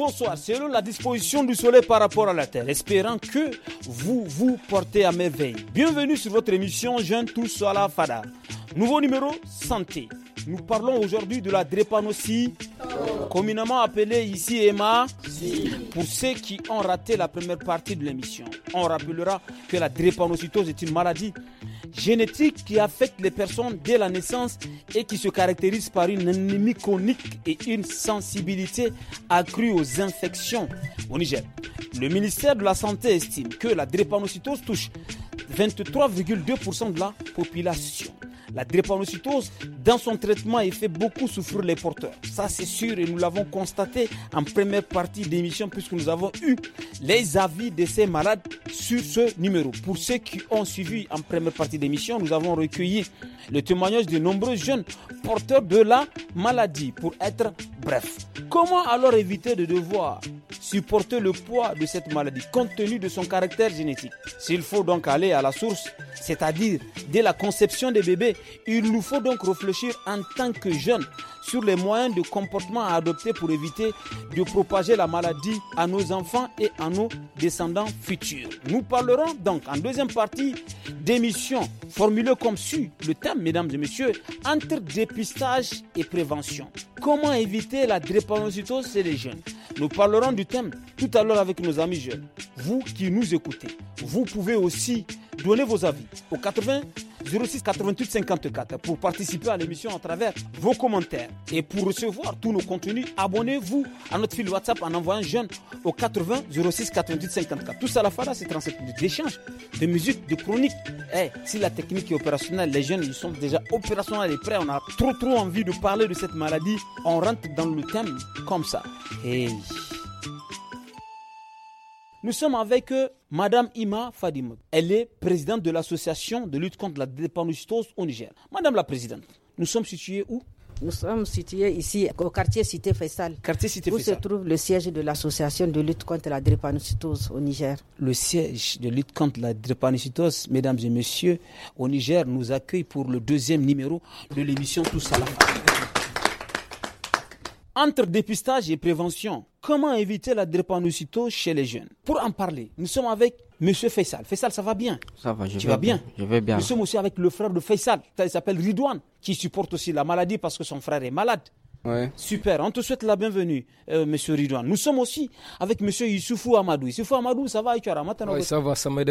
bonsoir selon la disposition du soleil par rapport à la Terre, espérant que vous vous portez à merveille. Bienvenue sur votre émission Jeune tous à la Fada. Nouveau numéro Santé. Nous parlons aujourd'hui de la drépanocytose, communément appelée ici Emma, pour ceux qui ont raté la première partie de l'émission. On rappellera que la drépanocytose est une maladie génétique qui affecte les personnes dès la naissance et qui se caractérise par une anémie conique et une sensibilité accrue aux infections au Niger. Le ministère de la Santé estime que la drépanocytose touche 23,2% de la population. La drépanocytose, dans son traitement, il fait beaucoup souffrir les porteurs. Ça, c'est sûr, et nous l'avons constaté en première partie d'émission, puisque nous avons eu les avis de ces malades sur ce numéro. Pour ceux qui ont suivi en première partie d'émission, nous avons recueilli le témoignage de nombreux jeunes porteurs de la maladie, pour être bref. Comment alors éviter de devoir supporter le poids de cette maladie compte tenu de son caractère génétique. S'il faut donc aller à la source, c'est-à-dire dès la conception des bébés, il nous faut donc réfléchir en tant que jeunes sur les moyens de comportement à adopter pour éviter de propager la maladie à nos enfants et à nos descendants futurs. Nous parlerons donc en deuxième partie d'émissions formulées comme suit le thème, mesdames et messieurs, entre dépistage et prévention. Comment éviter la drépanocytose chez les jeunes Nous parlerons du thème tout à l'heure avec nos amis jeunes. Vous qui nous écoutez, vous pouvez aussi Donnez vos avis au 80 06 88 54 pour participer à l'émission à travers vos commentaires. Et pour recevoir tous nos contenus, abonnez-vous à notre fil WhatsApp en envoyant jeune au 80 06 88 54. Tout ça, la fada, c'est 37 minutes d'échange, de musique, de chronique. Eh, si la technique est opérationnelle, les jeunes, ils sont déjà opérationnels et prêts. On a trop, trop envie de parler de cette maladie. On rentre dans le thème comme ça. Et... Nous sommes avec euh, Madame Ima Fadim. Elle est présidente de l'association de lutte contre la drépanocytose au Niger. Madame la présidente, nous sommes situés où nous sommes situés ici au quartier Cité Faisal. Quartier Cité où se trouve le siège de l'association de lutte contre la drépanocytose au Niger. Le siège de lutte contre la drépanocytose, mesdames et messieurs, au Niger nous accueille pour le deuxième numéro de l'émission Tout à entre dépistage et prévention, comment éviter la drépanocytose chez les jeunes Pour en parler, nous sommes avec M. Faisal. Faisal, ça va bien Ça va, je tu vas bien. Je vais bien. Nous sommes aussi avec le frère de Faisal, il s'appelle Ridouane, qui supporte aussi la maladie parce que son frère est malade. Super, on te souhaite la bienvenue, euh, M. Ridouane. Nous sommes aussi avec Monsieur Issoufou Amadou. Issoufou Amadou, ça va, Oui, Ça va, ça m'aide.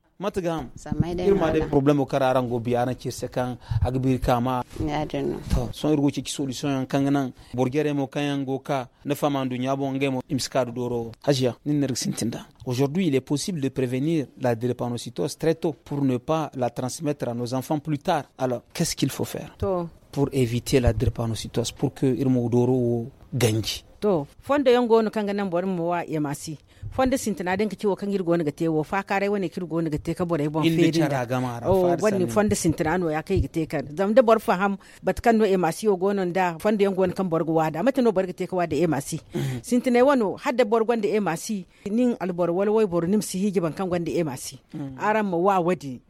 matagam irma de problème kara arango biyana cirse kan agbir kama to son irgo ci solution yan kan nan borgere mo kan yango ka na famandu nyabo ngemo imskadu doro hajia nin nerg sintinda Aujourd'hui, il est possible de prévenir la drépanocytose très tôt pour ne pas la transmettre à nos enfants plus tard. Alors, qu'est-ce qu'il faut faire to pour éviter la drépanocytose, pour que Irmo Doro gagne to fonda yango no kanga nan bor mu wa masi fonda sintana den kiwo kan girgo ne gate wo fa kare wani kirgo ne gate ka bore bon feri da o oh, wani fonda sintana no ya kai gate kan zam da bor faham bat kan no masi yo gonon da fonda yango kan bor go wada mata no bor gate ka wada masi mhm. Sintana wano hadda bor gonda masi nin albor wal woy bor nim si higi ban kan gonda masi mhm. aran mu wa wadi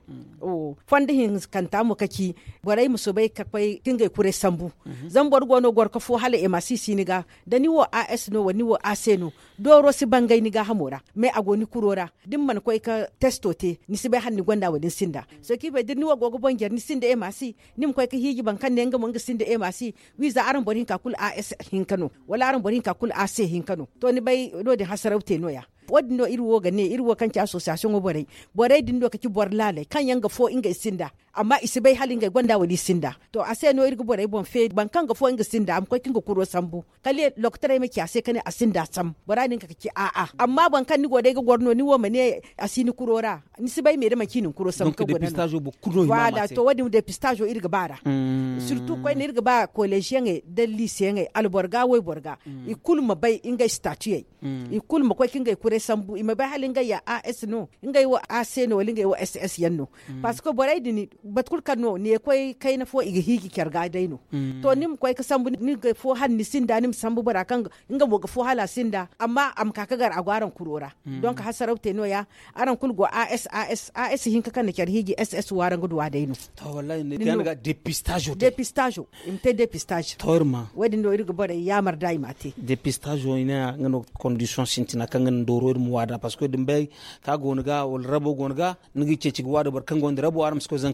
o hin kanta mu kaki borai mu subai kakwai kingai kure sambu zan bor gono gor fo hala e masisi niga da ni wo as no wa ni wo aseno Do si bangai ni ga hamora me agoni kurora din man koi ka testote ni sibai hanni gonda wani sinda so ki bai din ni wo gogo bonger ni sinda e masi nim koi ka hiji bankan ne ngamun ga sinda e masi wi za aran borin ka kul as hin kano wala aran borin ka kul as hin kano to ni bai do de hasaraute no ya wadin iri irwo ga ne irwo kan ki association wo bore dindo din do kaki bor lale kan yanga fo inga isinda amma isi bai halin ga gwanda wani sinda to a sai no irgu bore bon fe ban kan ga fo sinda am kwakin ga kuro sambu kale loktare me ki a sai kane a sinda sam boranin ka ki a a amma ban kan ni gode ga gorno ni wo mane a sini ra. ni si bai me da makinin kuro sam ka gona pistajo bu kuro ima wala to wadi de pistajo irga bara hmm. surtout ko ni irga ba college e de lycée e alborga wo borga hmm. i kulma bai inga statue hmm. i kulma kwakin ga kure sambu i ma bai halin ga ya s no inga wo ac no linga wo ss yanno parce que borai dini batkul kan no ne koy kai na fo iga higi kyar ga dai no mm. to nim koy ka sambu ni ga fo han ni sinda nim sambu bara kan inga mo ga fo hala sinda amma am ka gar agwaran kurora mm. don ka te no ya aran kul go as as as hin ka kan kyar higi ss waran gudu wa dai no to wallahi ne kan ga depistage depistage te depistage torma wadi no irga ya yamar dai mate depistage ina ngano condition sintina kan ngan doro mu wada parce que dimbe ka gonga wal rabo gonga nigi cecigi wada bar kan gonda rabo aram sko zan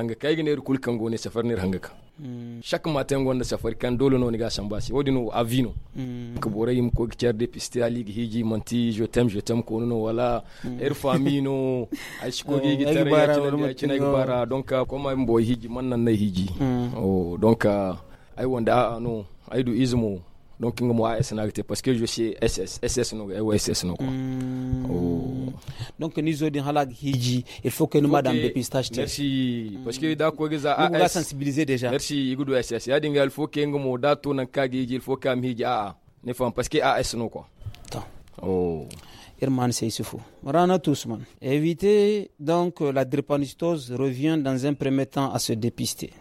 hanga kai gine kul kan gone safar ne hanga kan ma matin gonda safar kan dole no ni ga san basi wodi no avino mm. ko bore yim ko kicer de pistia ligue hiji monti je tem je tem ko mm. no oh, wala er famino a shiko gi gitar ya ci ci nay bara donc ko ma mbo hiji man nan nay hiji mm. o oh, donc ay wanda no ay du izmo donc n mo sngt parce que je suis ss ss no e eh ss no quoi mmh. oh. donc nous, aujourd'hui din halag hiji il faut que nous madame dépistage merci mmh. parce que hmm. d'accord ko a as nous sensibiliser déjà merci igudo ss ya dinga il faut que nous da to nan kage il faut kam hiji a ne font parce que as no quoi Tant. oh Irman Seissifou. Rana Tousman. Éviter donc la drépanocytose revient dans un premier temps à se dépister.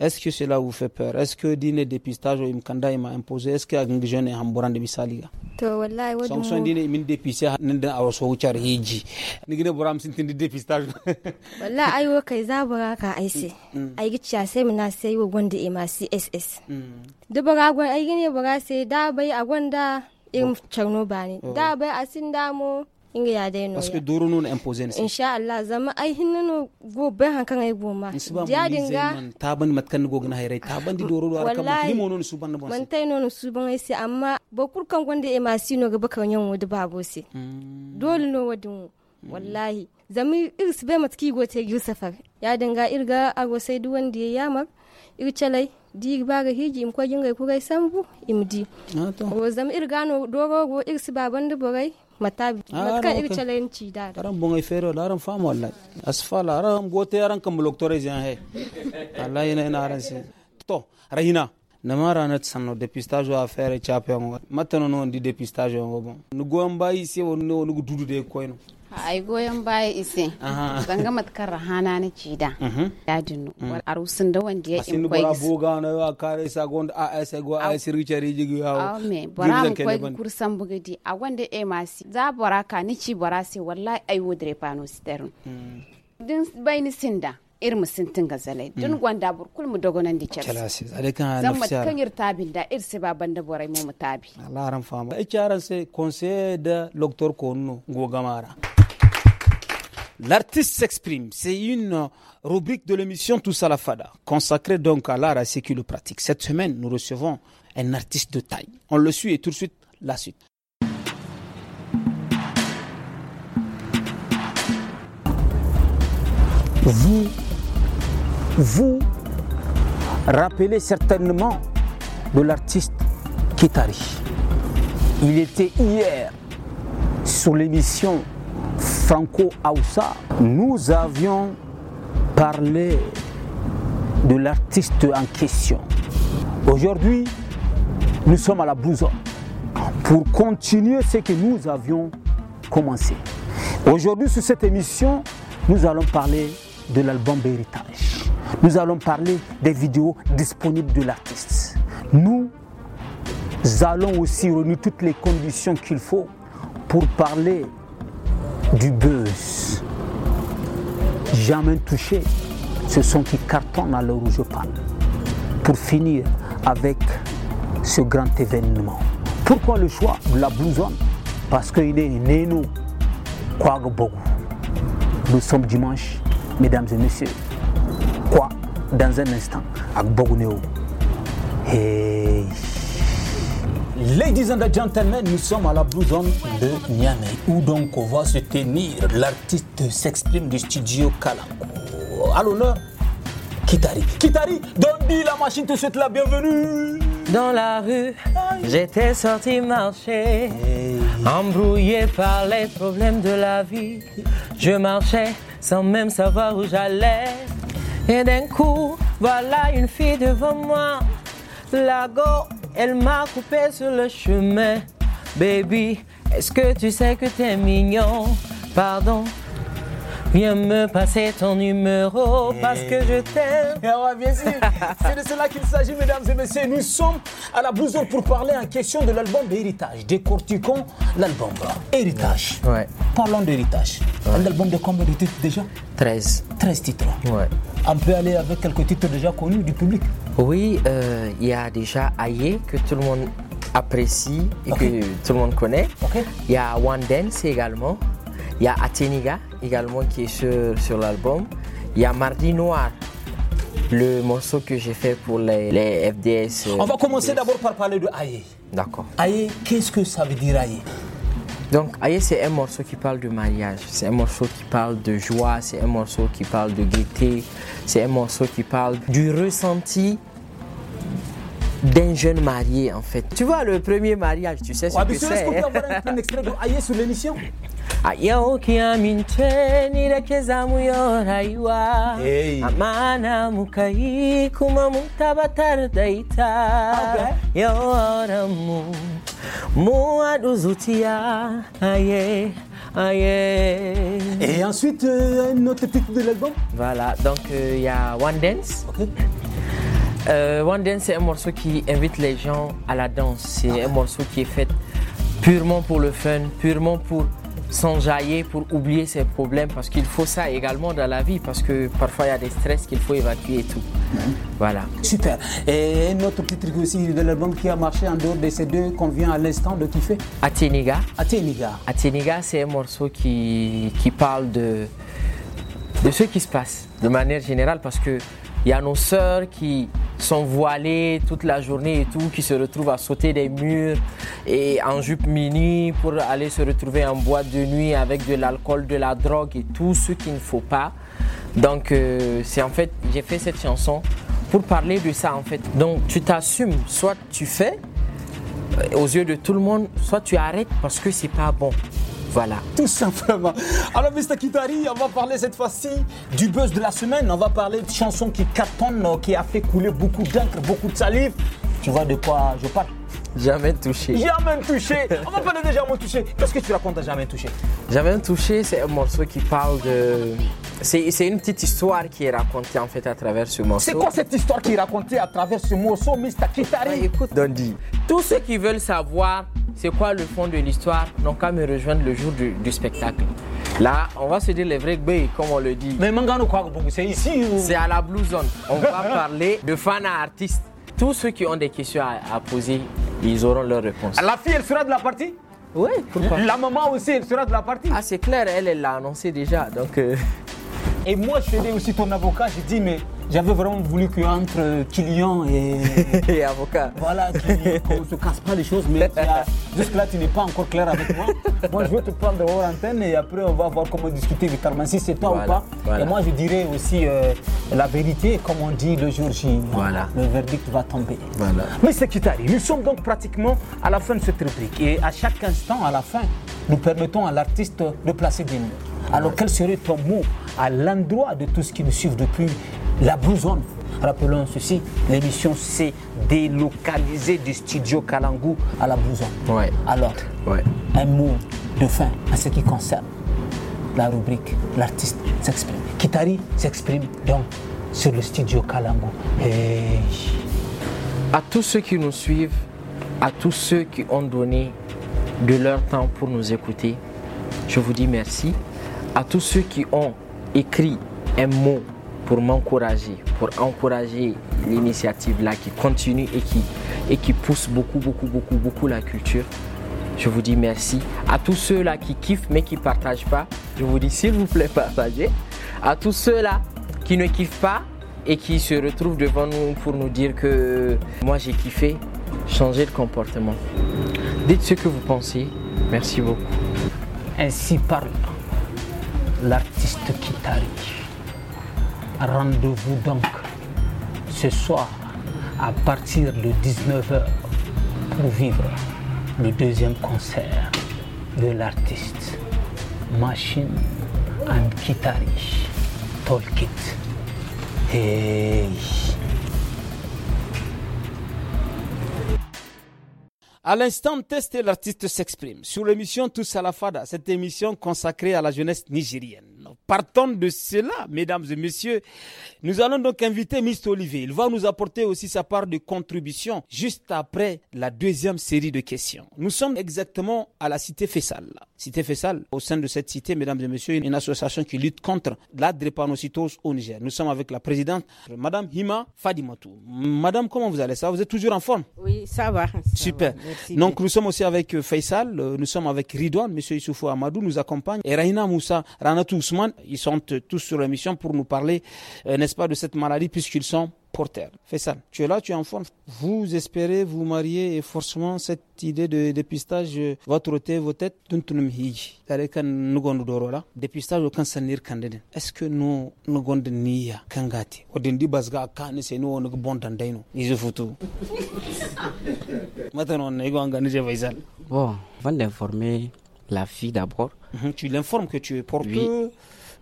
est-ce que cela vous fait peur est-ce que dine dépistage imkanda il ma imposé est-ce que agin jeune ham burande misali ga to wallahi wadu sanction dine min dépisé nan da awaso wucar hiji ni gine buram sin tin dépistage wallahi ai wo za bora ka ai sai mm. mm. ai gicha se muna sai wo gonda ima e CSS mm. de bora gon ai gine bora se da bay a im chagno bani da bay asinda mo. inga ya dai no parce que duru nun imposer ne. insha Allah zama ai hinno go ban hankan ai goma ya dinga taban matkan go gna hayrai taban di duru war kam ni mo non suban ban man tai non suban ai si amma ba kurkan gonde e no ga bakan yan wodi go si mm. dole no wadin mm. wallahi zami irs be matki go te yusufa ya dinga irga ago sai duk wanda ya ir chalai di ba ga hiji im ko jingai ku gai sambu imdi ah, o zam irgano dogo go irsi baban dubogai matabi ah, matka ig challenge da aran bonga fero da aran fam wallahi asfala aran gote aran kam doctore jan he wallahi ina ina aran se to rahina namara na sanno dépistage à faire e chape on matano non di dépistage on bon nu gomba ici on dudu de koyno ai goyon baya ise zanga matkar rahana na ci da dinu war arusun da wanda ya in kwai asin boga na yawa kare sa gonda a sai go a sir chari jigi ya o me bara mu kwai kursan bugadi a wanda e masi za ka ni ci bara sai wallahi ai wodre pano sterun mhm. din bai ni sinda irin musintin gazalai mhm. dun gwanda burkul mu dogonan da kelsi zan mat kan yir tabin da se ba banda borai mu tabi Allah ran fama icharan sai conseil de docteur konno go gamara L'artiste s'exprime. C'est une rubrique de l'émission Tous à la Fada, consacrée donc à l'art à ce qui le pratique. Cette semaine, nous recevons un artiste de taille. On le suit et tout de suite, la suite. Vous, vous rappelez certainement de l'artiste Kitari. Il était hier sur l'émission Franco Aoussa, nous avions parlé de l'artiste en question. Aujourd'hui, nous sommes à la boussole pour continuer ce que nous avions commencé. Aujourd'hui, sur cette émission, nous allons parler de l'album Héritage. Nous allons parler des vidéos disponibles de l'artiste. Nous allons aussi réunir toutes les conditions qu'il faut pour parler du buzz. Jamais touché. Ce sont qui cartonnent à l'heure où je parle. Pour finir avec ce grand événement. Pourquoi le choix de la blousonne Parce qu'il est né nous, quoi Nous sommes dimanche, mesdames et messieurs. Quoi Dans un instant, à Neo. Hey. Ladies and gentlemen, nous sommes à la Blue Zone de Niamey, où donc on va se tenir. L'artiste s'exprime du studio Kalako. À l'honneur, Kitari. Kitari, Dondi, la machine te souhaite la bienvenue. Dans la rue, j'étais sorti marcher, embrouillé par les problèmes de la vie. Je marchais sans même savoir où j'allais. Et d'un coup, voilà une fille devant moi. La go elle m'a coupé sur le chemin. Baby, est-ce que tu sais que t'es mignon? Pardon, Viens me passer ton numéro parce que je t'aime. bien sûr, c'est de cela qu'il s'agit, mesdames et messieurs. Nous sommes à la blouson pour parler en question de l'album d'héritage. Décortiquons l'album. Héritage. Ouais. Parlons d'héritage. L'album de combien de titres déjà 13. 13 titres. Ouais. On peut aller avec quelques titres déjà connus du public. Oui, euh, il y a déjà Aye que tout le monde apprécie et que tout le monde connaît. Il y a One Dance également. Il y a Ateniga également qui est sur, l'album. Il y a Mardi Noir, le morceau que j'ai fait pour les, FDS. Euh, On va commencer d'abord par parler de Aye. D'accord. Aye, qu'est-ce que ça veut dire Aye donc, Aye, c'est un morceau qui parle de mariage, c'est un morceau qui parle de joie, c'est un morceau qui parle de gaieté, c'est un morceau qui parle du ressenti d'un jeune marié en fait. Tu vois le premier mariage, tu sais ce que c'est. Est-ce qu'on peut hein. avoir un, extrait de sur l'émission ayaukiamince nirekezamu yo hey. amana mukayi kuma mutabatar da ita yawaranmu mu haɗu zuciya aye aye Et ensuite, euh, un autre titre de l'album Voilà, donc euh, il euh, y a One Dance. Euh, One Dance, c'est un morceau qui invite les gens à la danse. C'est un morceau qui est fait purement pour le fun, purement pour s'enjailler pour oublier ses problèmes parce qu'il faut ça également dans la vie parce que parfois il y a des stress qu'il faut évacuer et tout. Voilà. Super. Et un autre petit truc aussi de l'album qui a marché en dehors de ces deux qu'on vient à l'instant de kiffer Ateniga. Ateniga. Ateniga, c'est un morceau qui, qui parle de, de ce qui se passe de manière générale parce que il y a nos sœurs qui sont voilées toute la journée et tout, qui se retrouvent à sauter des murs et en jupe mini pour aller se retrouver en boîte de nuit avec de l'alcool, de la drogue et tout ce qu'il ne faut pas. Donc euh, c'est en fait, j'ai fait cette chanson pour parler de ça en fait. Donc tu t'assumes, soit tu fais euh, aux yeux de tout le monde, soit tu arrêtes parce que c'est pas bon. Voilà, tout simplement. Alors, Mr. Kitari, on va parler cette fois-ci du buzz de la semaine. On va parler de chanson qui cartonne, euh, qui a fait couler beaucoup d'encre, beaucoup de salive. Tu vois de quoi je parle Jamais touché. Jamais touché. On va parler de Jamais touché. Qu'est-ce que tu racontes à Jamais touché Jamais touché, c'est un morceau qui parle de. C'est une petite histoire qui est racontée en fait à travers ce morceau. C'est quoi cette histoire qui est racontée à travers ce morceau, Mr. Kitari bah, Écoute, Tous ceux qui veulent savoir c'est quoi le fond de l'histoire, donc qu'à me rejoindre le jour du, spectacle. Là, on va se dire les vrais baies, comme on le dit. Mais c'est ici ou... C'est à la Blue Zone. On va parler de fans à artistes. Tous ceux qui ont des questions à, poser, ils auront leur réponse. La fille, elle sera de la partie Oui, La maman aussi, elle sera de la partie Ah, c'est clair, elle, elle l'a annoncé déjà, donc... Euh, et moi, je suis aussi ton avocat, j'ai dit, mais j'avais vraiment voulu qu'entre client et... et avocat. Voilà, qu'on ne se casse pas les choses, mais jusque-là, tu n'es pas encore clair avec moi. Moi, je vais te prendre hors antenne et après, on va voir comment discuter Victor si c'est toi ou pas. Et moi, je dirais aussi euh, la vérité, comme on dit le jour J. Le verdict va tomber. Mais c'est qui t'arrive. Nous sommes donc pratiquement à la fin de cette rubrique. Et à chaque instant, à la fin, nous permettons à l'artiste de placer des mots. Alors quel serait ton mot à l'endroit de tous ce qui nous suivent depuis la Bouzonne Rappelons ceci, l'émission s'est délocalisée du studio Kalangu à la Bouzonne. Ouais. Alors, un mot de fin à ce qui concerne la rubrique L'artiste s'exprime. Kitari s'exprime donc sur le studio Kalangu. Et... À tous ceux qui nous suivent, à tous ceux qui ont donné de leur temps pour nous écouter, je vous dis merci à tous ceux qui ont écrit un mot pour m'encourager, pour encourager l'initiative là qui continue et qui, et qui pousse beaucoup, beaucoup, beaucoup, beaucoup la culture. Je vous dis merci. À tous ceux-là qui kiffent mais qui ne partagent pas, je vous dis s'il vous plaît, partagez. À tous ceux-là qui ne kiffent pas et qui se retrouvent devant nous pour nous dire que moi j'ai kiffé, changez de comportement. Dites ce que vous pensez. Merci beaucoup. Ainsi parle l'artiste qui Rendez-vous donc ce soir à partir de 19h pour vivre le deuxième concert de l'artiste Machine and Kitari Tolkit. Hey. À l'instant, testé, l'artiste s'exprime sur l'émission Tous à la Fada, cette émission consacrée à la jeunesse nigérienne. Partant de cela, mesdames et messieurs, nous allons donc inviter Mr. Olivier. Il va nous apporter aussi sa part de contribution juste après la deuxième série de questions. Nous sommes exactement à la cité Faisal. Cité Faisal, au sein de cette cité, mesdames et messieurs, une association qui lutte contre la drépanocytose au Niger. Nous sommes avec la présidente, madame Hima Fadimatou. Madame, comment vous allez ça Vous êtes toujours en forme Oui, ça va. Super. Donc nous sommes aussi avec euh, Faisal, euh, nous sommes avec Ridouane, monsieur Issoufou Amadou nous accompagne, et Raina Moussa, Ranatou Ousmane ils sont tous sur la mission pour nous parler, euh, n'est-ce pas, de cette maladie puisqu'ils sont porteurs. Fais ça. Tu es là, tu es en forme. Vous espérez vous marier et forcément cette idée de dépistage euh, va trotter vos têtes. Dépistage au cancer candidat. Est-ce que nous nous gondenia kangati? Odindi basga kane c'est nous on bon dandaino. Ils foutu. Maintenant on est organisé Faisal. Bon, avant d'informer la fille d'abord. Mm -hmm. Tu l'informes que tu es porteur. Oui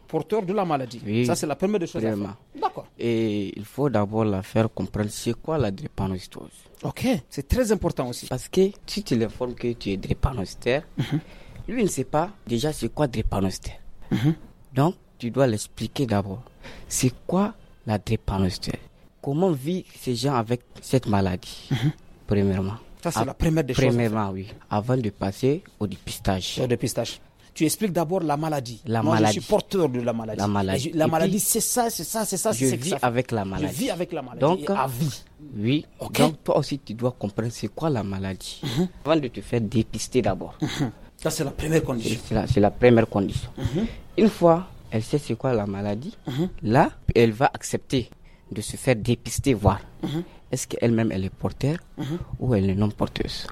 porteur de la maladie. ça, c'est la première des choses à faire. D'accord. Et il faut d'abord la faire comprendre c'est quoi la drépanocytose. Ok, c'est très important aussi. Parce que si tu l'informes que tu es drépanocytaire, mhm. lui, il ne sait pas déjà c'est quoi drépanocytaire. Mhm. Donc, tu dois l'expliquer d'abord. C'est quoi la drépanocytose Comment vivent ces gens avec cette maladie mhm. Premièrement. Ça, c'est la première des choses. Premièrement, oui. Avant de passer au dépistage. Au dépistage tu expliques d'abord la maladie. La maladie. je suis porteur de la maladie. La maladie, c'est ça, c'est ça, c'est ça. Je vis ça avec la maladie. Je avec la maladie. Donc, à vie. Oui. Donc, toi aussi, tu dois comprendre c'est quoi la maladie. Mhm. Avant de te faire dépister d'abord. Mhm. Ça, c'est la première condition. C'est la, première condition. Mhm. Une fois, elle sait c'est quoi la maladie. Là, elle va accepter de se faire dépister, voir. Est-ce qu'elle-même, elle est porteur ou elle est non porteuse.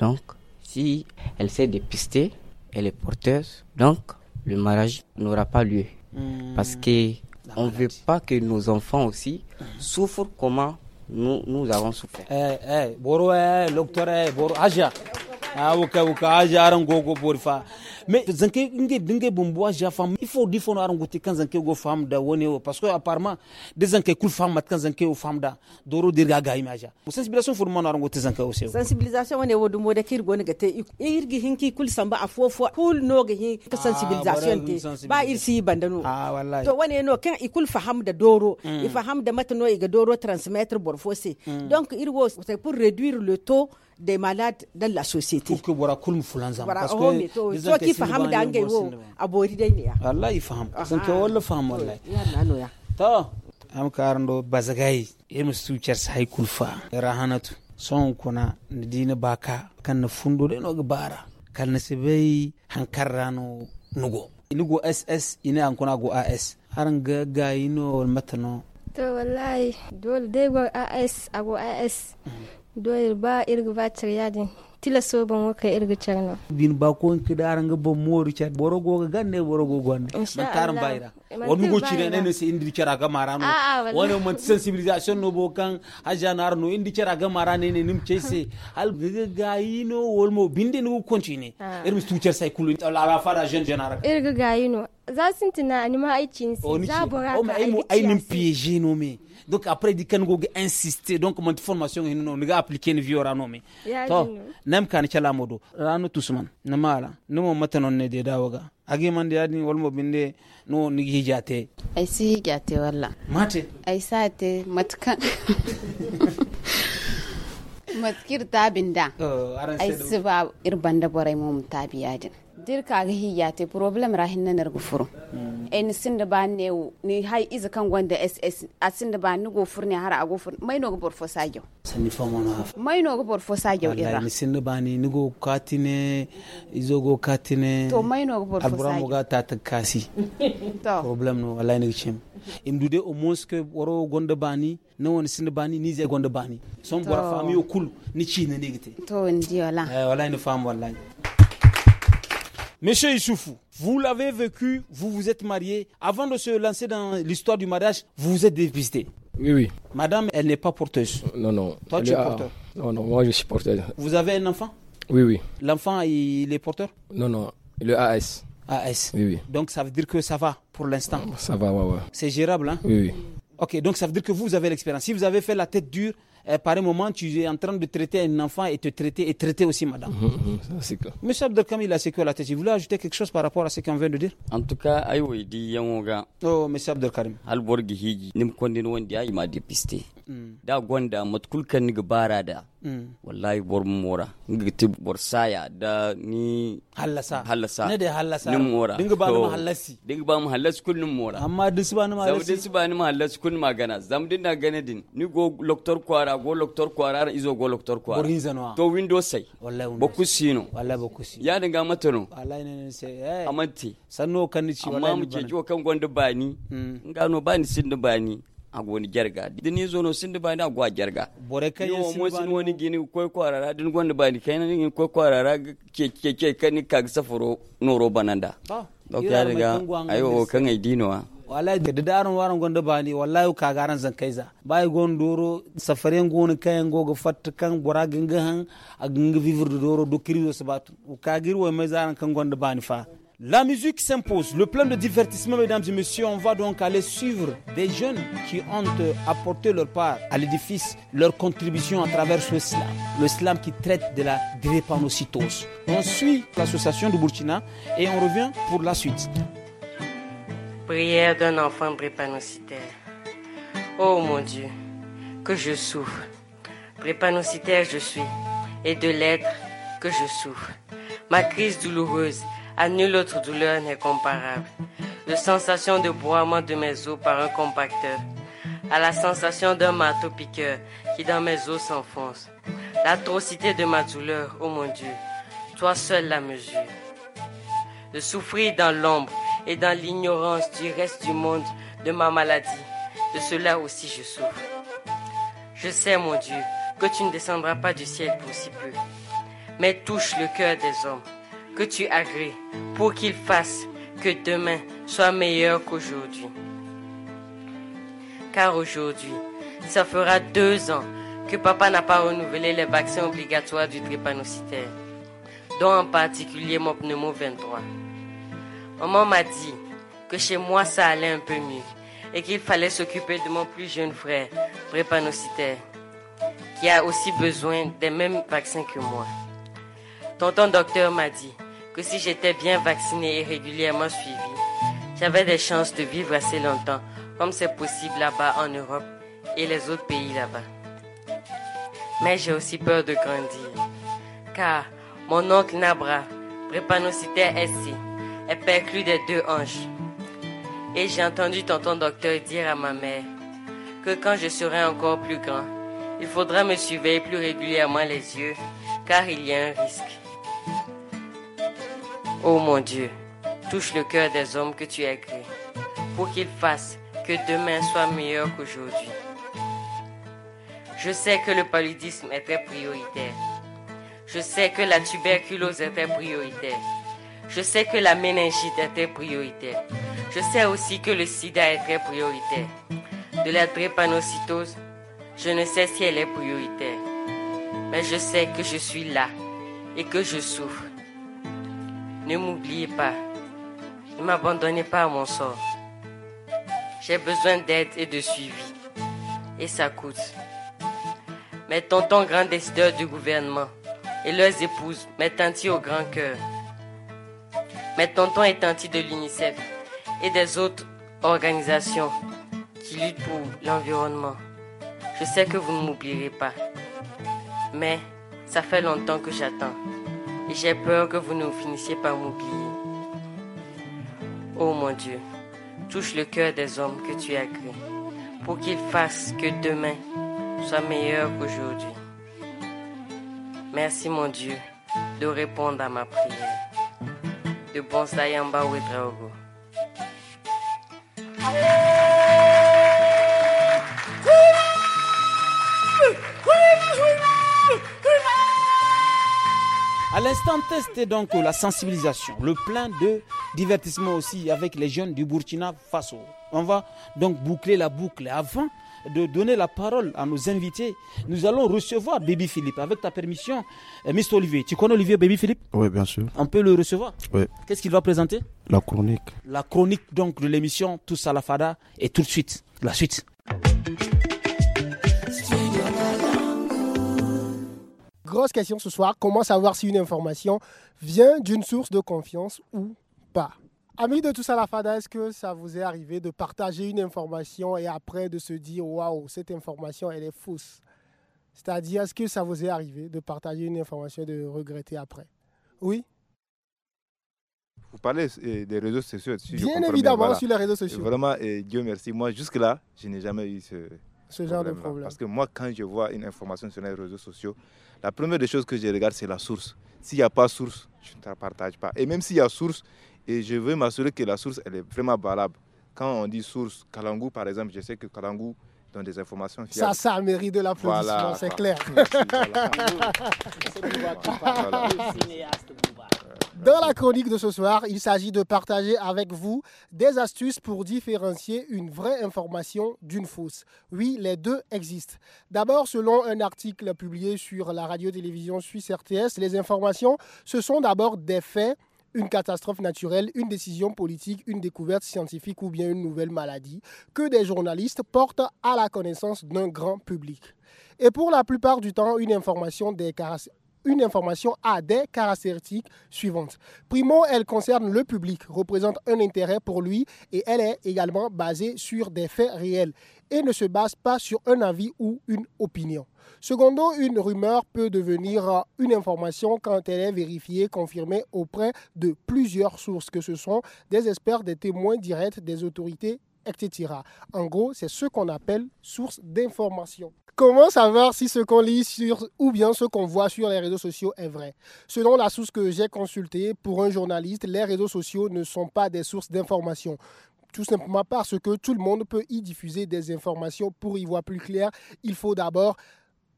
Donc, si elle sait dépister elle est porteuse. Donc, le mariage n'aura pas lieu. Hmm. Parce que on ne veut pas que nos enfants aussi souffrent comment nous, nous avons souffert. Eh, eh, eh, awuka wuka aja aran gogo bori fa mais zanke nge n'gé, bumbu aja fam il faut difo no aran guti kan zanke go fam da woni parce que apparemment des zanke kul fam mat kan zanke o fam da doro dirga ga ima aja sensibilisation fur mo no aran zanke o sensibilisation ne wodu mo da kir go ne gate irgi hinki kul samba afofo kul no ga hin ah, sensibilisation te ba irsi bandano ah wallahi to woné, no kan ikul faham da doro mm. i faham da matno i ga doro transmettre borfose mm. donc ir, wos, c'est pour réduire le taux des malades dans la société pour que bora kulmu fulan zam parce que so ki faham da ngai wo abori dai ne ya wallahi faham san ke walla faham wallahi ya nano ya to am karando bazagai irmu su cer sai kulfa rahanatu son kuna dina baka kan na fundo da no gbara kan na sibai hankarrano nugo inugo ss ina an kuna go as haran ga gayino matano to wallahi dole dai go as ago as mhm. doyir ba irga ba yadin tila so ban waka irga charno din ba ko kidara nga bo moru chat borogo ga ganne borogo gonde man taram bayra won go ci ne ne se indi cara ga marano won man sensibilisation no bo kan hajanar arno indi cara ga marane ne nim chese al ga yino wol mo binde no kontine irmi tucer sai kulun la la fara jeune genara irga ga yino za sintina anima aikin si za boraka ai mu ai nim pije no me donc après di kan gogi insister donc mon formation hin no nga appliquer ni viora no mi to nam kan chala modo rano tusman na mala no matanon ne de dawaga agi man da ni walmo binde no ni hijate ay si hijate walla mate sa te matkan maskir tabin da ai su ba irban da borai mu tabi yadin dirka ga hiya te problem ra hinna nargu gufuru hmm. en sin da ba ne ni hai iza kan gwanda ss a sin ba ni go ne har a go fur mai no go bor sani fo na mai no go bor fo ira ni sin ba ni ni go katine izo go katine to mai no go bor abura sagyo albura ta ta kasi to problem no wallahi ni chim imdude o moske woro gonda bani na wani sini bani ni zai gwanda bani son bora fami yo kul ni ci ne ne gite to ndi wala eh wala ni femme wala Monsieur Issoufou, vous l'avez vécu, vous vous êtes marié. Avant de se lancer dans l'histoire du mariage, vous vous êtes dépisté. Oui, oui. Madame, elle n'est pas porteuse. Euh, non, non. Toi, elle tu es porteur. Non, non, moi, je suis porteur. Vous avez un enfant Oui, oui. L'enfant, il est porteur Non, non. Le AS. AS. Oui, oui. Donc, ça veut dire que ça va pour l'instant Ça va, ouais, ouais. C'est gérable, hein Oui, oui. Ok, donc ça veut dire que vous avez l'expérience. Si vous avez fait la tête dure, euh, par un moment, tu es en train de traiter un enfant et te traiter, et traiter aussi madame. Mhm, mhm, monsieur Abdelkam, il a secoué la tête. Vous voulez ajouter quelque chose par rapport à ce qu'on vient de dire En tout cas, il dit Oh, monsieur Abdelkarim. il m'a dépisté. Mm. da gwanda matkulkan ni gabara da mm. wallahi bor mora ngiti bor saya da ni hallasa hallasa ne da hallasa ni mora dinga ba mu hallasi kun ba mu hallasi kullum mora amma dis ba ni ma hallasi dis ba ni ma hallasi kullum magana zam din na gane din ni go loktor kwara go loktor kwara izo go loktor kwara borin zanwa to window sai wallahi boku sino wallahi boku sino ya dinga mata no wallahi ne sai eh amanti sanno kan ni ci wallahi amma muke jiwa kan ni bani mm. ngano bani sin da bani agoni jerga dini zono sindi bani agwa jarga bore yo mo sin woni gini ko ko arara din gonde bani kai nan koy ko arara ke ke ke kani kag saforo noro bananda ba ok riga ayo o kan ai wa wallahi da darin waran gonde bani wallahi ka garan zan kaiza bai gon doro safare gon kayan go fat kan bora gingahan a ginga vivre doro do kiriyo sabatu ka girwa mai zaran kan gonde bani fa La musique s'impose, le plan de divertissement, mesdames et messieurs, on va donc aller suivre des jeunes qui ont euh, apporté leur part à l'édifice, leur contribution à travers ce slam, le slam qui traite de la drépanocytose. On suit l'association de Burkina et on revient pour la suite. Prière d'un enfant drépanocytaire. Oh mon Dieu, que je souffre. Drépanocytaire je suis, et de l'être que je souffre. Ma crise douloureuse à nulle autre douleur n'est comparable. La sensation de broiement de mes os par un compacteur. À la sensation d'un marteau piqueur qui dans mes os s'enfonce. L'atrocité de ma douleur, oh mon Dieu, toi seul la mesure. De souffrir dans l'ombre et dans l'ignorance du reste du monde de ma maladie, de cela aussi je souffre. Je sais, mon Dieu, que tu ne descendras pas du ciel pour si peu, mais touche le cœur des hommes que tu agrées pour qu'il fasse que demain soit meilleur qu'aujourd'hui. Car aujourd'hui, ça fera deux ans que papa n'a pas renouvelé les vaccins obligatoires du trépanocytaire, dont en particulier mon pneumo 23. Maman m'a dit que chez moi ça allait un peu mieux et qu'il fallait s'occuper de mon plus jeune frère, prépanocytaire qui a aussi besoin des mêmes vaccins que moi. Tonton docteur m'a dit que si j'étais bien vaccinée et régulièrement suivie, j'avais des chances de vivre assez longtemps, comme c'est possible là-bas en Europe et les autres pays là-bas. Mais j'ai aussi peur de grandir, car mon oncle Nabra, prépanocytaire SC, est perclu des deux hanches. Et j'ai entendu tonton docteur dire à ma mère que quand je serai encore plus grand, il faudra me surveiller plus régulièrement les yeux, car il y a un risque oh mon Dieu, touche le cœur des hommes que tu as créés, pour qu'ils fassent que demain soit meilleur qu'aujourd'hui. Je sais que le paludisme est très prioritaire. Je sais que la tuberculose est très prioritaire. Je sais que la méningite est très prioritaire. Je sais aussi que le sida est très prioritaire. De la drépanocytose, je ne sais si elle est prioritaire. Mais je sais que je suis là et que je souffre ne m'oubliez pas. Ne m'abandonnez pas à mon sort. J'ai besoin d'aide et de suivi. Et ça coûte. Mes tontons grands décideurs du gouvernement et leurs épouses, mes petit au grand cœur, mes tontons et de l'UNICEF et des autres organisations qui luttent pour l'environnement. Je sais que vous ne m'oublierez pas, mais ça fait longtemps que j'attends et j'ai peur que vous ne finissiez par m'oublier. Oh mon Dieu, touche le cœur des hommes que tu as créés, pour qu'ils fassent que demain soit meilleur qu'aujourd'hui. Merci mon Dieu de répondre à ma prière. De Bonsayamba Ouedraogo. l'instant test est donc la sensibilisation, le plein de divertissement aussi avec les jeunes du Burkina Faso. On va donc boucler la boucle. Avant de donner la parole à nos invités, nous allons recevoir Baby Philippe. Avec ta permission, euh, Mr. Olivier, tu connais Olivier Baby Philippe Oui, bien sûr. On peut le recevoir Oui. Qu'est-ce qu'il va présenter La chronique. La chronique donc de l'émission Tous à la Fada et tout de suite, la suite. Grosse question ce soir, comment savoir si une information vient d'une source de confiance ou pas Amis de tous à la fada, est-ce que ça vous est arrivé de partager une information et après de se dire waouh, cette information elle est fausse C'est-à-dire, est-ce que ça vous est arrivé de partager une information et de regretter après Oui vous parlez euh, des réseaux sociaux. bien évidemment, sur les réseaux sociaux. Vraiment, et Dieu merci. Moi, jusque-là, je n'ai jamais eu ce, ce genre de problème. Parce que moi, quand je vois une information sur les réseaux sociaux, la première des choses que je regarde, c'est la source. S'il n'y a pas source, je ne la partage pas. Et même s'il y a source, et je veux m'assurer que la source, elle est vraiment valable. Quand on dit source, Kalangu, par exemple, je sais que Kalangu donne des informations fiables. Ça, ça mérite de l'applaudissement, voilà, c'est clair. Merci, Dans la chronique de ce soir, il s'agit de partager avec vous des astuces pour différencier une vraie information d'une fausse. Oui, les deux existent. D'abord, selon un article publié sur la radio-télévision suisse RTS, les informations, ce sont d'abord des faits une catastrophe naturelle, une décision politique, une découverte scientifique ou bien une nouvelle maladie que des journalistes portent à la connaissance d'un grand public. Et pour la plupart du temps, une information des, une information a des caractéristiques suivantes. Primo, elle concerne le public, représente un intérêt pour lui et elle est également basée sur des faits réels et ne se base pas sur un avis ou une opinion. Secondo, une rumeur peut devenir euh, une information quand elle est vérifiée, confirmée auprès de plusieurs sources, que ce sont des experts, des témoins directs, des autorités, etc. En gros, c'est ce qu'on appelle source d'information. Comment savoir si ce qu'on lit sur, ou bien ce qu'on voit sur les réseaux sociaux est vrai Selon la source que j'ai consultée pour un journaliste, les réseaux sociaux ne sont pas des sources d'information tout simplement parce que tout le monde peut y diffuser des informations. Pour y voir plus clair, il faut d'abord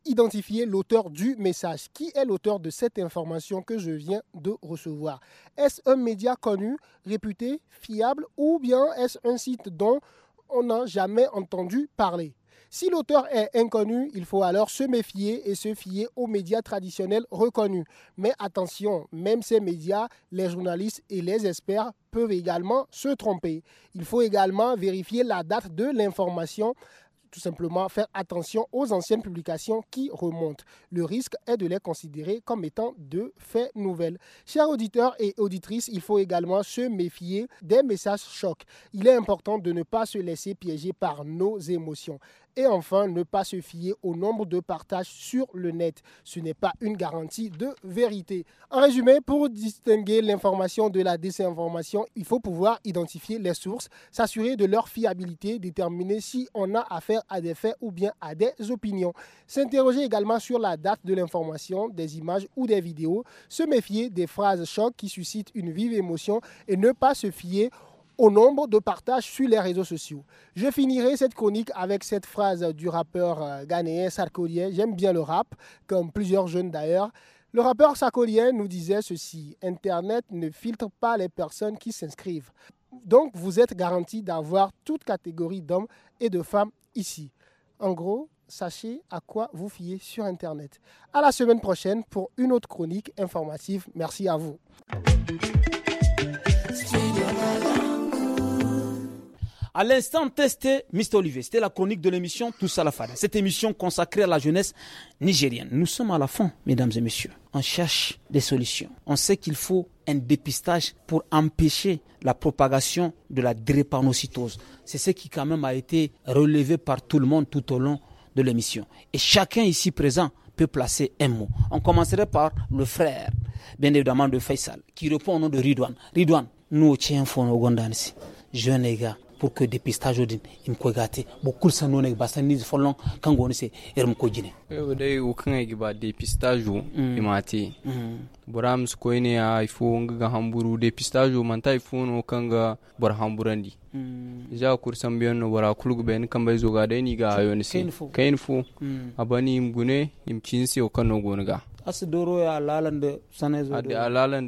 identifier l'auteur du message. Qui est l'auteur de cette information que je viens de recevoir Est-ce un média connu, réputé, fiable ou bien est-ce un site dont on n'a jamais entendu parler si l'auteur est inconnu, il faut alors se méfier et se fier aux médias traditionnels reconnus. Mais attention, même ces médias, les journalistes et les experts peuvent également se tromper. Il faut également vérifier la date de l'information tout simplement faire attention aux anciennes publications qui remontent. Le risque est de les considérer comme étant de faits nouvelles. Chers auditeurs et auditrices, il faut également se méfier des messages chocs. Il est important de ne pas se laisser piéger par nos émotions. Et enfin, ne pas se fier au nombre de partages sur le net. Ce n'est pas une garantie de vérité. En résumé, pour distinguer l'information de la désinformation, il faut pouvoir identifier les sources, s'assurer de leur fiabilité, déterminer si on a affaire à des faits ou bien à des opinions. S'interroger également sur la date de l'information, des images ou des vidéos. Se méfier des phrases chocs qui suscitent une vive émotion et ne pas se fier au nombre de partages sur les réseaux sociaux. Je finirai cette chronique avec cette phrase du rappeur euh, ghanéen Sarkolien. J'aime bien le rap, comme plusieurs jeunes d'ailleurs. Le rappeur Sarkolien nous disait ceci Internet ne filtre pas les personnes qui s'inscrivent. Donc vous êtes garanti d'avoir toute catégorie d'hommes et de femmes ici. En gros, sachez à quoi vous fiez sur Internet. À la semaine prochaine pour une autre chronique informative. Merci à vous. À l'instant, testé Mr. Olivier. C'était la chronique de l'émission Tout à la fin. Cette émission consacrée à la jeunesse nigérienne. Nous sommes à la fin, mesdames et messieurs. On cherche des solutions. On sait qu'il faut un dépistage pour empêcher la propagation de la drépanocytose. C'est ce qui quand même a été relevé par tout le monde tout au long de l'émission. Et chacun ici présent peut placer un mot. On commencerait par le frère, bien évidemment, de Faisal, qui répond au nom de Ridwan. Ridwan, nous, tiens, Gondansi. jeune gars pour que dépistage din im ko gate bo kursa no ne folon kan goni se erum ko jine e eh, dai o kan e ba dépistage mm. imati mm. boram su ko ne a ifo nga hamburu dépistage man ta ifo no kan ga bor hamburandi mm. ja kursan bien no ben kan zo ni ga abani im gune im cinsi o kan no gonga asi doro ya lalande sanezo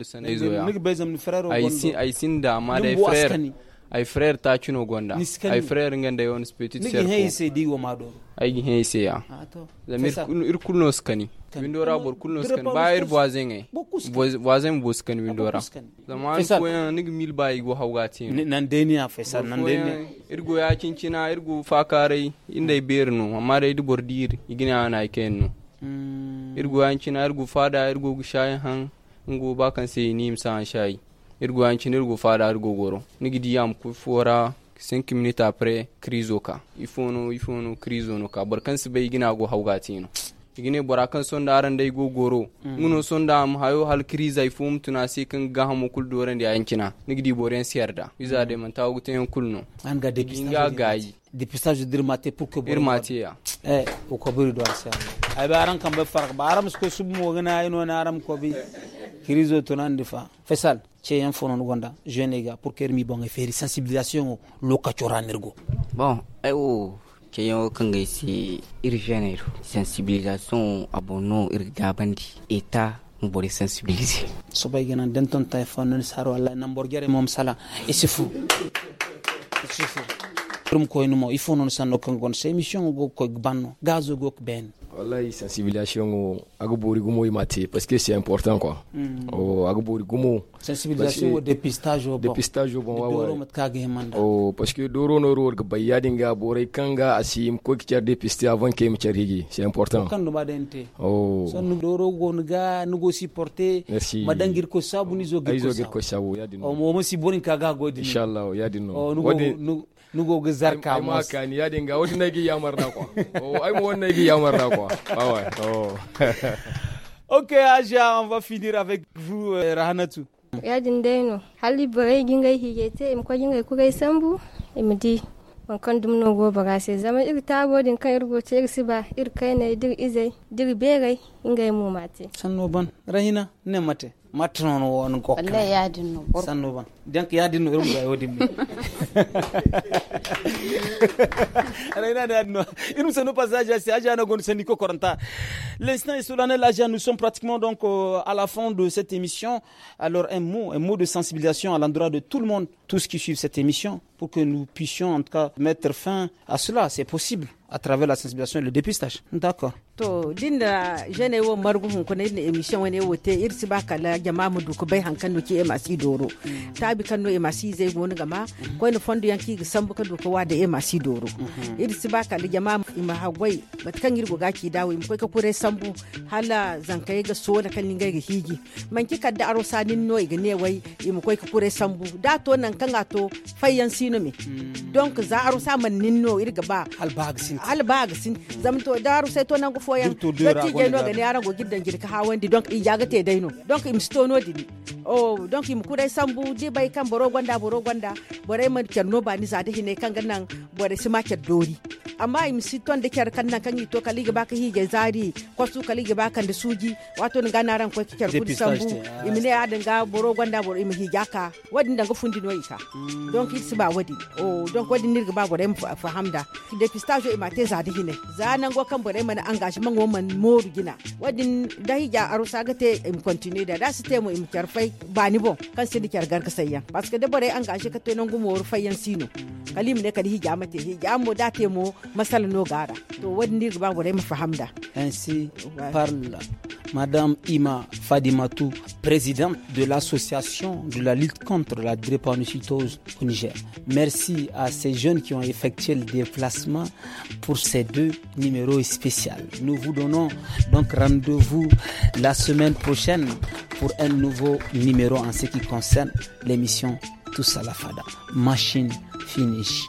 sanai zo da ya sin da ay frère ta cuno gonda ay frère ngenda yon petit cercle ngi hese di wo mado ay ngi heyse ya zamir ah, ir kulno skani windora bor kulno skan bayir voisin ay voisin bo skani windora zaman ko ya nig mil bayi go hawga tin nan deni a fesa nan deni go ya cincina go fakare inda ah. berno amma dai di bor dir igina na kenno hmm. go ya cincina go fada irgo shayin han ngo bakan sai ni imsa an shayi irgu yanci nirgu fada irgu goro di yam ku fora sen minutes après krizo ka ifono ifono krizo no ka bar kansu bai gina go no igine bora kan da aran dai go goro mm. son da mu hayo hal kriza ifum tuna si kan ga hamu kul doran da yankina di boren siyarda iza mm. de man yan kul no an ga de kinga gayi de dirmate pour que dirmate ya eh o ko buri do asya ay aran kan ba farq baram sko mo gana ino na aram ko bi krizo tunan difa fesal ceyan fonon gonda jeune ga pour kermi bon feri sensibilisation lokacora nergo bon ayo ceyan kan ga si irjeneiro sensibilisation abono irgabandi eta bori sensibiliser sobay gena denton tay fonon saro alla nambor gere mom sala et c'est fou c'est fou rum koynumo il faut non sanno kan gon mission go ko banno gazo go ben wallahi sensibilisation o aga boori gumo i parce que c'est important quoi mm. o aga boori gumo sensibilisation o dépistage o dépistage o bon wa wa mat ka ge o parce que doro no ro ga bayadi nga boori kanga asim ko ki char dépister avant que me char higi c'est important kan no badente o so no doro no ga no go supporter madangir ko sabuni zo ge ko sabu ya dino o mo mo si borin kaga go inshallah yadi oh, no o no nugo ga zar ka ma ni ya dinga wata nagi ya marna kwa oh ai mo wannan gi ya marna kwa bawai oh ok aja on va finir avec vous euh, rahanatu ya din daino hali bare gingai higete im ko gingai ku gai sambu im di wan kan dum no go baga sai zama ir ta din kan ir goce ir siba ir kai ne dir izai dir begai ingai mu mate sanno ban rahina ne mate matti noon won gokka wallahi yaadinno bor sanno ban donc yaadinno irum ga yodimmi ala ina yaadinno irum sanno passage c'est aja na gon sandi ko koranta l'instant est solennel nous sommes pratiquement donc euh, à la fin de cette émission alors un mot un mot de sensibilisation à l'endroit de tout le monde tous qui suivent cette émission pour que nous puissions en tout cas mettre fin à cela c'est possible à travers la sensibilisation et le dépistage. D'accord. To dinda jene wo margu hun ko ne emission wene wo te irsi ba kala jama mu du ko bai ki emasi doro. Ta bi kan no e masi zai go gama ko ne fondu yanki ga sambu ka du ko wa da emasi doro. Irsi ba kala jama mu ima bat kan ki dawo im kure sambu hala zankai ga so da kan linga ga higi. Hmm. Man ki kadda aro sanin no ne wai im ko ka kure sambu da to nan kan ato fayyan sino me. Donc za aro sa man irga ba. albaga sin zamto daru sai to nan gufo yan lati je no ga ne aran go gidan girka ha wandi donc i jaga te dai no donc im sto no di oh donc im kudai sambu di bai kan boro gwanda boro gwanda bore man no ba ni zade hine kan gannan bore si ma dori amma im si ton de ker kan nan kan yi to kali ga hi hige zari ko su kali ga kan da suji wato ni gana ran ko ker kudi sambu im ah. ne ya ga boro gwanda boro im hige ka wadin da ga fundi no ka. Mm. donc it ba wadi oh donc wadin nirga ba bore fahamda de pistage ima te zadi hine zanan ngo kan bore mana engagement ngo man moru gina wadin dahi ja arusa ga te im continue da dasu te mu im ba bani bon kan sidi gar ka sayya parce que de bore engage ka te non gumo wor fayyan sino kalim ne kadi hija mate hija mo da te mo masal no gara to wadin ni ba bore mu fahamda si parla Madame Ima Fadimatou, présidente de l'association de la lutte contre la drépanocytose au Niger. Merci à ces jeunes qui ont effectué le déplacement pour ces deux numéros spéciaux. Nous vous donnons donc rendez-vous la semaine prochaine pour un nouveau numéro en ce qui concerne l'émission Tous à la Fada. Machine finish.